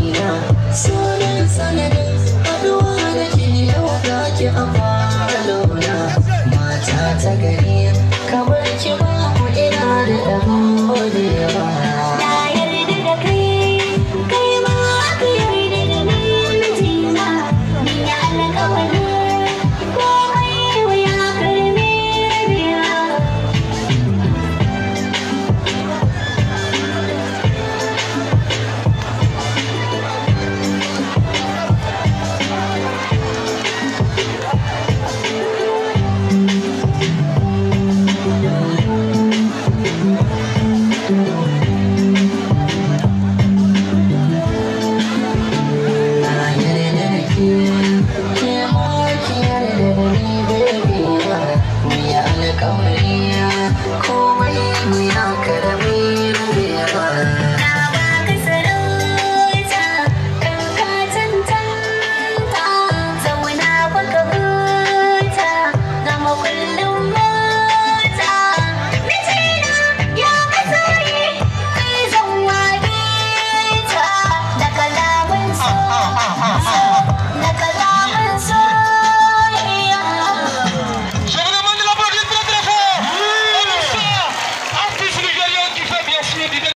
raina sunan sanadin haduwa da jini yau ga ki a fara mata ta gari